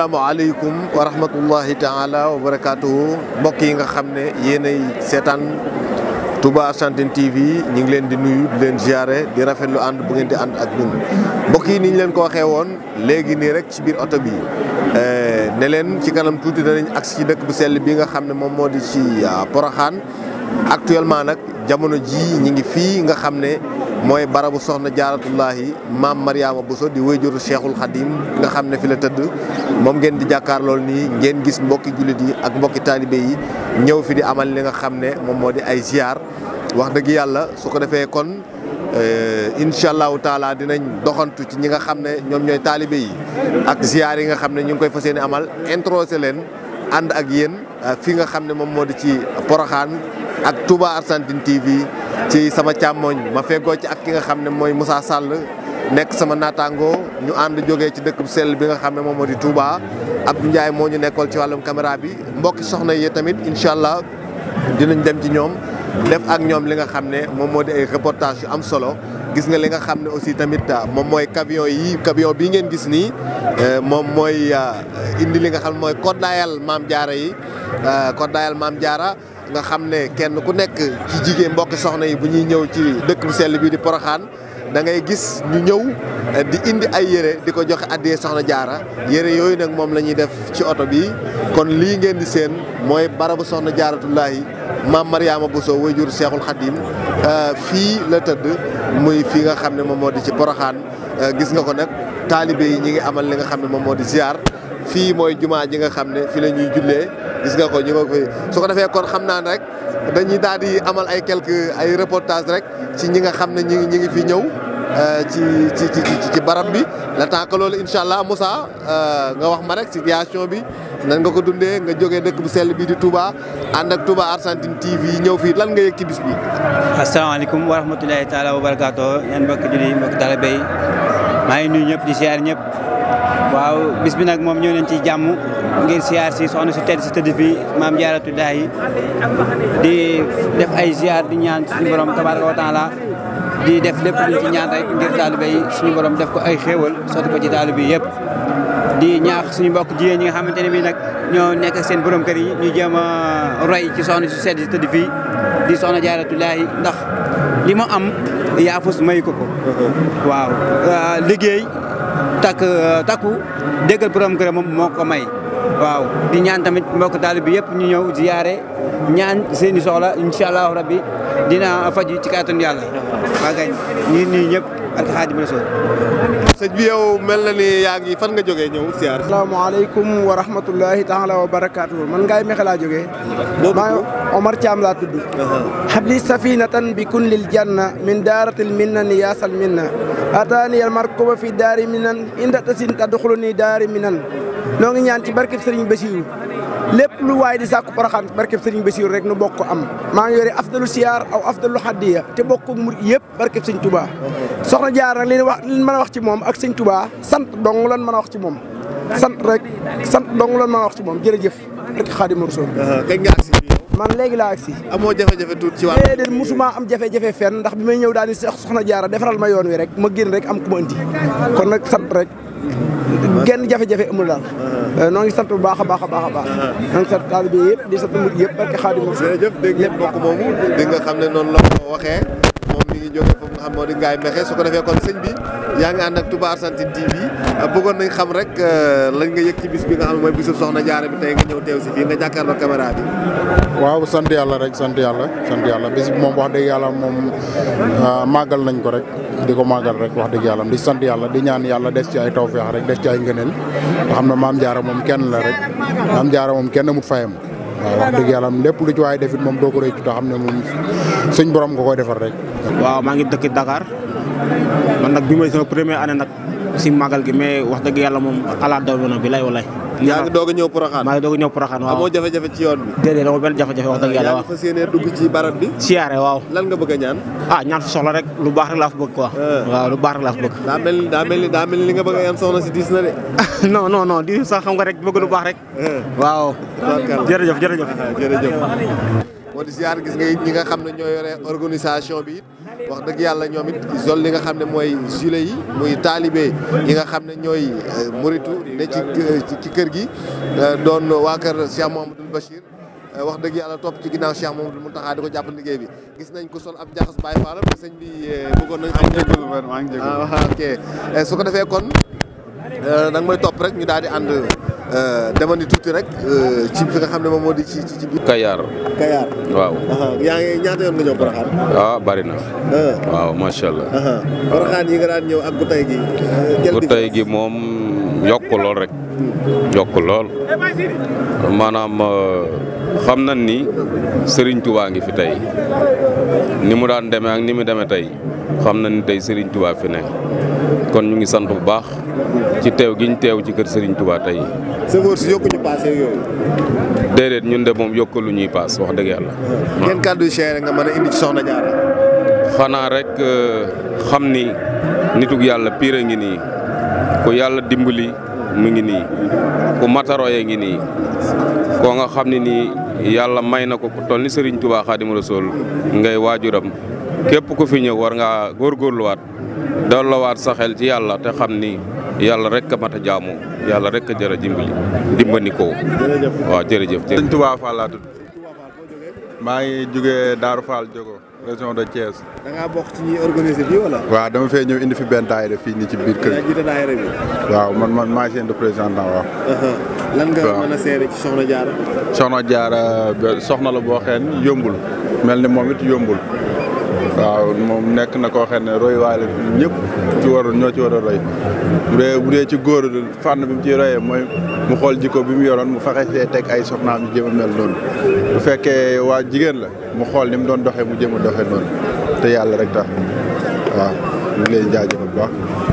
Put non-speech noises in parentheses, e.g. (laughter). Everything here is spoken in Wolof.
asalaamaaleykum wa rahmatullahi taala wa barakaatuhu mbokk yi nga xam ne yéenay seetaan Touba Argentine TV ñu ngi leen di nuyu di leen ziare di rafetlu ànd bu ngeen di ànd ak ñun mbokk yi ni ñu leen ko waxee woon léegi nii rek ci biir oto bi eh, ne leen ci kanam tuuti danañ agsi ci dëkk bu sell bi nga xam ne moom moo di ci ah, Porokhane actuellement nag jamono ji ñi ngi fi nga xam ne mooy barabu soxna jaaratullahi maam Mariama so di wéyjuru cheikhul xadim nga xam ne fi la tëdd moom ngeen di jàkkaar lool nii ngeen gis mbokki jullit yi ak mbokki taalibe yi ñëw fi di amal li nga xam ne moom moo di ay ziar wax dëgg yàlla su ko defee kon eh, incha allahu taala dinañ doxantu ci ñi nga xam ne ñoom ñooy taalibe yi ak ziar yi nga xam ne ñu ngi koy fas yéene amal introsé leen ànd ak yéen eh, fi nga xam ne moom moo di ci Porokhane ak Touba Argentine TV ci sama càmmooñ ma feggoo ci ak ki nga xam ne mooy Moussa Sall nekk sama naataangoo ñu ànd jógee ci dëkk bu sell bi nga xam ne moom moo di Touba Abdou Ndiaye moo ñu nekkool ci wàllum caméra bi mbokki soxna yi tamit incha allah dinañ dem ci ñoom def ak ñoom li nga xam ne moom moo di ay reportage yu am solo. gis nga li nga xam ne aussi tamit ah, moom mooy camion yi camion bii ngeen gis nii eh, moom mooy ah, indi li nga xam mooy koddaayal maam jaara yi koddaayal ah, maam jaara nga xam ne kenn ku nekk ci jigéen mbokki soxna yi bu ñuy ñëw ci dëkk bu sell bii di Poroxaan da ngay gis ñu ñëw eh, di indi ay yére di ko joxe addiyee soxna jaara yére yooyu nag moom la ñuy def ci oto bi kon lii ngeen di seen mooy barabu soxna jaaratullaahi maam Mariama Bousso wayjur Seexul Xadim eh, fii la tëdd muy fii nga xam ne moom moo di ci Poroxaan Euh, gis nga ko nag taalibe yi ñu ngi amal li nga xam ne moom moo di ziar fii mooy jumaa ji nga xam ne fii la ñuy jullee gis nga ko ñu nga ko fi ko defee kon xam naa rek dañuy daal di amal ay quelque ay reportage rek ci ñi nga xam ne ñi ñi ngi fi ñëw euh, ci ci ci ci barab bi le temps loolu incha allah Moussa euh, nga wax ma rek situation bi. nan nga ko dundee nga jógee dëkk bu sell bii di Touba ànd ak Touba Argentine TV ñëw fii lan nga yëg ci bis bi. asalaamaaleykum wa rahmatulahi taala wa barakaatoo yan mbokki julli mbokki talibé yi maa ngi nuyu ñëpp di siyaar ñëpp waaw bis bi nag moom ñëw nañ ci jàmm ngir siyaar si soxna si tedd si tëdd fii maam jaaratu daa yi di def ay siyaar di ñaan suñu borom tabaraka wa taala di def lépp luñ ñaan rek ngir taalibe yi suñu borom def ko ay xéewal sotti ko ci taalibe yi yëpp di ñaax suñu mbokk jigéen ñi nga xamante ne bii nag ñoo nekk seen borom kër yi ñu jëm a roy ci soxna su sedd si tëdd fii di soxna Jaaratullaahi ndax li mu am yaafus may ko ko waaw euh, liggéey takk euh, takku déggal borom kër moom moo ko may waaw di ñaan tamit mbokk taalib bi yëpp ñu ñëw ziyaare ñaan seeni soxla incha allahu rabbi dina faju ci kàttanu yàlla waa gañ nii ñëpp barkati Xaadimu Rasuul sëñ bi yow mel na ni yaa ngi fan nga jógee ñëw siyaar asalaamaaleykum wa rahmatullahi taala wa barakaatuhu man ngaay mexe laa jógee maa Omar Thiam laa tudd habli safinatan bi kun lil janna min daaratil minna ni yaasal minna ataani al markuba fi daari minan inda tasin tadxulu ni daari minan noo ngi ñaan ci barkeb Serigne Bassirou lépp lu waaye di sàkku Porokhane ci barkeb Serigne Bassirou rek nu bokk am maa ngi yore afdalu siyaar aw afdalu xaddiya te bokk murit yëpp barkeb Serigne Touba soxna Jaar nag li wax li mën a wax ci moom ak Serigne Touba sant dong lan mën a wax ci moom sant rek sant dong lan mën wax ci moom jërëjëf rek Xaadimu Rasuul man léegi laa agsi amoo jafe-jafe tuut ci wàllu déedéet mosuma am jafe-jafe fenn ndax bi may ñëw daal di soxna Jaara defaral ma yoon wi rek ma génn rek am ku ma indi kon nag sant rek genn jafe-jafe mu daal ah. noo ngi sant bu baax a baax a baax a baax ah. noo ngi sant taalibe yëpp di sant murid yëpp barke Xaadimu jërëjëf dégg ngeen mbokk moomu di nga xam ne noonu la ko waxee dañuy jógee nga xam moo di Ngaye Mekhe su ko defee kon sëñ bi yaa ngi ànd ak Touba Argentine TV euh, bëggoon nañ xam rek euh, lañ nga yëg ci bis bi nga xam ne mooy bisu soxna jaara bi tey nga ñëw teew si fii nga jàkkaarloo waaw sant yàlla rek sant yàlla sant yàlla bis bi moom wax dëgg yàlla moom euh, màggal nañ ko rek di ko màggal rek wax dëgg yàlla di sant yàlla di ñaan yàlla des ci ay taw tawfeex rek des ci ay ngëneel nga xam ne maam jaara moom kenn la rek maam jaara moom kenn amut fayam waaw wax dëgg yàlla lépp lu ci waaye defit moom doo ko rëccu te xam ne moom suñ borom nga koy defar rek. waaw maa ngi dëkk dakaar man nag bi mooy sama première année nag si màggal gi mais wax dëgg yàlla moom ala daw na bi lay walay yaa ngi doog a ñëw Porokhane maa doog a ñëw Porokhane waaw amoo jafe-jafe ci yoon bi déedéet amoo benn jafe-jafe wax dëgg yàlla waaw a ñaan ah ñaan soxla rek lu baax rek laa fa bëgg quoi ah. waaw lu baax rek laa fa bëgg daa mel ni daa mel ni li nga bëgg a ñaan soxna si diis na de (laughs) non non non di sax xam nga rek bëgg lu baax rek ah. waaw jërëjëf jërëjëf ah, jërëjëf moo di ziar gis nga it ñi nga xam ne ñoo yore organisation bi it wax dëgg yàlla ñoom it zone li nga xam ne mooy gilet yi muy taalibe yi nga xam ne ñooy euh, muritu ne ci euh, ci kër gi euh, doon waa kër Cheikh Mouhamadoul Bachir wax dëgg yàlla topp ci ginnaaw Cheikh Mouhamadoul Mountakha di ko jàpp liggéey bi gis nañ ko sol ab njaxas Baay Faal te sëñ bi bëggoon nañ maa ngi jégalu ah, ok su ko defee kon da nga may topp rek ñu daal di ànd Euh, dama ni tuuti rek euh, ci fi nga xam ne moom moo di ci ci biir. Kayar. Kayar waaw. yaa ngi ñaata yoon nga ñëw Porokhane. ah bari na. Ah. waaw macha allah. Porokhane yi nga daan ñëw ak bu tey gi. bu euh, tey gi moom yokk lool rek. yokk lool maanaam euh, xam na ni Serigne Touba ngi fi tey ni mu daan demee ak ni mu demee tey xam nañ ni tey Serigne fi ne kon ñu ngi sant bu baax ci teew gi ñu teew ci kër sëriñtuwaa Touba tey. sëfoor si yokkuñu paase yooyu. déedéet ñun de moom yokk ñuy paas wax dëgg yàlla. ngeen nga mën a indi ci soxna Diarra. xanaa rek euh, xam ni nitug yàlla pire ngi nii ko yàlla dimbali. mu ngi nii ku matarooye ngi nii koo nga xam ne nii yàlla may na ko ku toll ni sëriñ Touba Khadim Rasoul ngay waajuram képp ku fi ñëw war ngaa góor góorgóorluwaat delloowaat sa xel ci yàlla te xam ni yàlla rek a mat a jaamu yàlla rek a jërë dimbali dimbali ko waaw jërëjëf. Serigne Touba Fall laa tudd région de Thiès. da ngaa bokk ci ñuy organiser bi wala. waaw dama fee ñëw indi fi benn daayira fii nii ci biir kër gi. waaw man man maa seen représentant waaw. Uh-huh. lan nga mën a seede ci Soxna Jaara. Soxna Jaara soxna la boo xeen yombul mel ni moom it yombul. waaw moom nekk na koo xam ne roy waale ñëpp ci waroon ñoo ci war a roy bu dee bu dee ci góor fànn bi mu ciy royee mooy mu xool jikko bi mu yoroon mu fexe see teg ay soxnaam ñu jëm a mel noonu bu fekkee waa jigéen la mu xool ni mu doon doxee mu jëm a doxee noonu te yàlla rek tax waaw ñu ngi leen jaajëfal baax